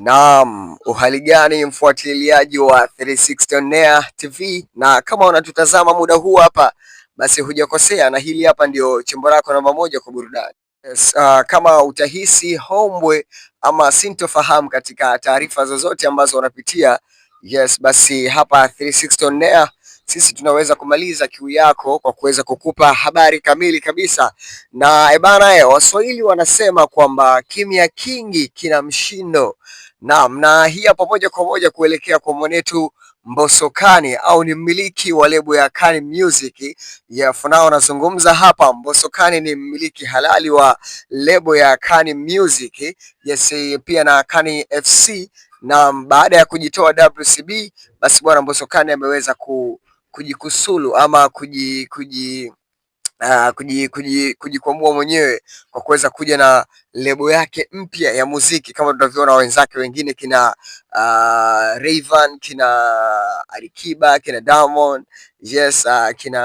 Naam, uhali gani mfuatiliaji wa 360 on Air TV, na kama unatutazama muda huu hapa, basi hujakosea, na hili hapa ndio chimbo lako namba moja kwa burudani. Yes, uh, kama utahisi hombwe ama sintofahamu katika taarifa zozote ambazo unapitia, yes, basi hapa 360 on Air sisi tunaweza kumaliza kiu yako kwa kuweza kukupa habari kamili kabisa. Na ebana, eh, eh, Waswahili wanasema kwamba kimya kingi kina mshindo. Naam, na hii hapa moja kwa moja kuelekea kwa mwanetu Mbosso Khan au ni mmiliki wa lebo ya Khan Music ya funao. Nazungumza hapa Mbosso Khan ni mmiliki halali wa lebo ya Khan Music yes, pia na Khan FC, na baada ya kujitoa WCB, basi bwana Mbosso Khan ameweza kujikusulu ama kuji, kuji kujikwamua kuji, mwenyewe kwa kuweza kuja na lebo yake mpya ya muziki kama tunavyoona wenzake wengine kina uh, Rayvan, kina Alikiba, kina Diamond, yes, uh, kina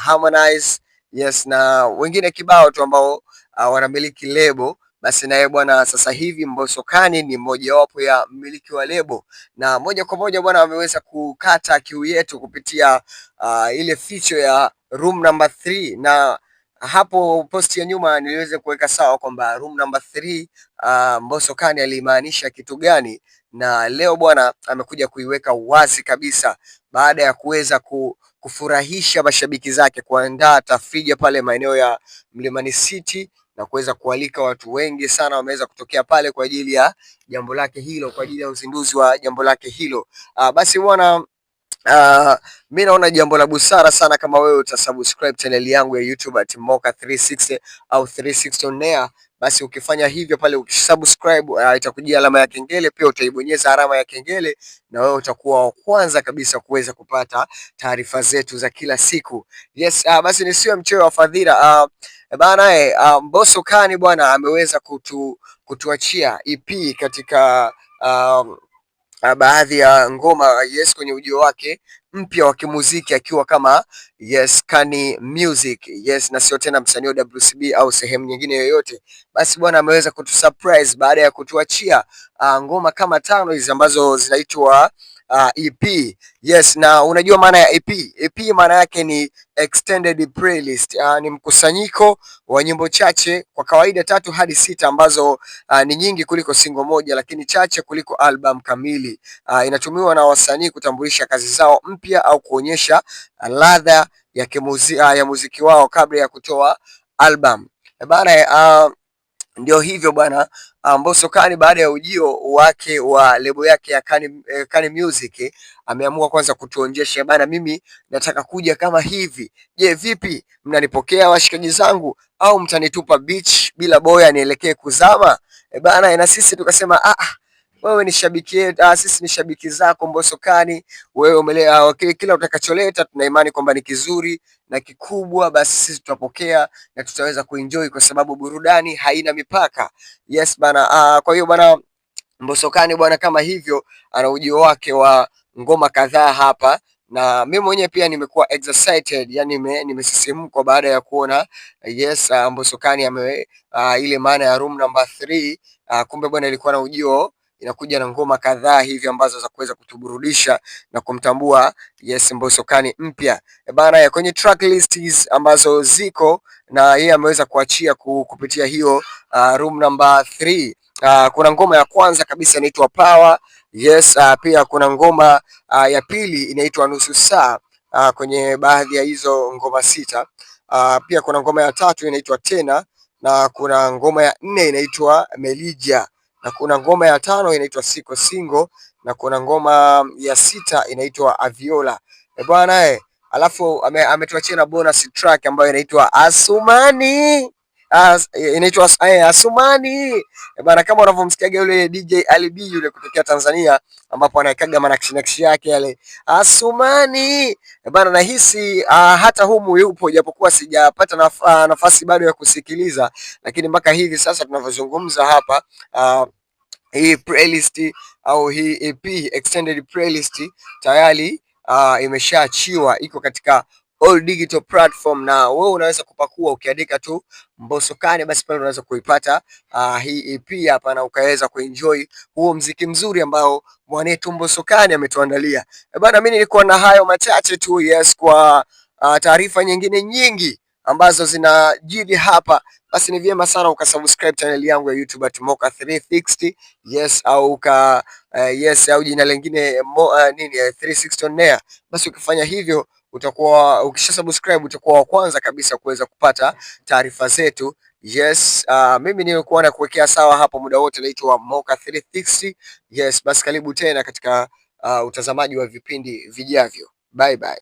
Harmonize, yes na wengine kibao tu ambao uh, wanamiliki lebo basi naye bwana sasa hivi Mbosokani ni mojawapo ya mmiliki wa lebo, na moja kwa moja bwana ameweza kukata kiu yetu kupitia uh, ile ficho ya room number 3 na hapo posti ya nyuma niliweza kuweka sawa kwamba room number 3 uh, Mbosso Khan alimaanisha kitu gani, na leo bwana amekuja kuiweka wazi kabisa baada ya kuweza kufurahisha mashabiki zake, kuandaa tafrija pale maeneo ya Mlimani City na kuweza kualika watu wengi sana wameweza kutokea pale kwa ajili ya jambo lake hilo, kwa ajili ya uzinduzi wa jambo lake hilo. Uh, basi bwana Uh, mi naona jambo la busara sana kama wewe utasubscribe channel yangu ya YouTube at Moka 360 au 360 on air. Basi ukifanya hivyo pale ukisubscribe, uh, itakujia alama ya kengele, pia utaibonyeza alama ya kengele na wewe utakuwa wa kwanza kabisa kuweza kupata taarifa zetu za kila siku. Yes, uh, basi nisiwe mchoyo wa fadhila. Uh, bana eh, uh, Mbosso Khan bwana ameweza kutu, kutuachia EP katika um, baadhi ya ngoma Yes kwenye ujio wake mpya wa kimuziki akiwa kama Yes Kani Music Yes, na sio tena msanii wa WCB au sehemu nyingine yoyote. Basi bwana ameweza kutusurprise baada ya kutuachia uh, ngoma kama tano hizi ambazo zinaitwa uh, EP. Yes, na unajua maana ya EP? EP maana yake ni extended playlist. Uh, ni mkusanyiko wa nyimbo chache kwa kawaida tatu hadi sita ambazo uh, ni nyingi kuliko singo moja lakini chache kuliko album kamili. Uh, inatumiwa na wasanii kutambulisha kazi zao mpya au kuonyesha ladha ya, uh, ya muziki wao kabla ya kutoa album. Bana, uh, ndio hivyo bwana, ah, Mbosso Khan baada ya ujio wake wa lebo yake ya Khan, eh, Khan Music ameamua kwanza kutuonjesha bana mimi nataka kuja kama hivi. Je, vipi mnanipokea washikaji zangu au mtanitupa beach bila boya nielekee kuzama? E bana, na sisi tukasema ah, ah wewe ni shabiki yetu, ah, sisi ni shabiki zako Mbosso Khan. Wewe umelea okay, kila utakacholeta, tuna imani kwamba ni kizuri na kikubwa, basi sisi tutapokea na tutaweza kuenjoy kwa sababu burudani haina mipaka. Yes bana. Uh, kwa hiyo bana Mbosso Khan bwana kama hivyo ana ujio wake wa ngoma kadhaa hapa na mimi mwenyewe pia nimekuwa excited yani nimesisimkwa baada ya kuona yes, uh, Mbosso Khan ame uh, ile maana ya room number 3 uh, kumbe bwana ilikuwa na ujio inakuja na ngoma kadhaa hivi ambazo za kuweza kutuburudisha na kumtambua Yes Mbosso Kani mpya e bana, kwenye track lists ambazo ziko na yeye ameweza kuachia kupitia hiyo uh, room number 3. Uh, kuna ngoma ya kwanza kabisa inaitwa Power. Yes, uh, pia kuna ngoma uh, ya pili inaitwa Nusu Saa uh, kwenye baadhi ya hizo ngoma sita. Uh, pia kuna ngoma ya tatu inaitwa Tena na kuna ngoma ya nne inaitwa Melija na kuna ngoma ya tano inaitwa siko single na kuna ngoma ya sita inaitwa Aviola e bwana eh, alafu ametuachia ame na bonus track ambayo inaitwa Asumani. Ah, eh, inaitwa eh, Asumani eh, bana, kama unavyomsikiaga yule DJ Ali B yule kutokea Tanzania, ambapo anaekaga manakshi nakshi yake yale Asumani bana. Nahisi ah, hata humu yupo, japokuwa sijapata naf ah, nafasi bado ya kusikiliza, lakini mpaka hivi sasa tunavyozungumza hapa uh, hii playlist au hii EP extended playlist tayari imeshaachiwa, iko katika all digital platform, na wewe unaweza kupakua ukiandika tu Mbosso Kane, basi pale unaweza kuipata uh, hii EP hapa na ukaweza kuenjoy huo mziki mzuri ambao mwanetu Mbosso Kane ametuandalia. E bana, mimi nilikuwa na hayo machache tu, yes, kwa uh, taarifa nyingine nyingi ambazo zinajidi hapa, basi ni vyema sana ukasubscribe channel yangu ya YouTube at Moka 360 yes, au uka, uh, yes au jina lingine mo, uh, nini, uh, eh, 360 on air. Basi ukifanya hivyo utakuwa ukisha subscribe utakuwa wa kwanza kabisa kuweza kupata taarifa zetu. Yes, uh, mimi nimekuwa na kuwekea sawa hapo muda wote, naitwa Moka 360. Yes, basi karibu tena katika uh, utazamaji wa vipindi vijavyo. Bye bye.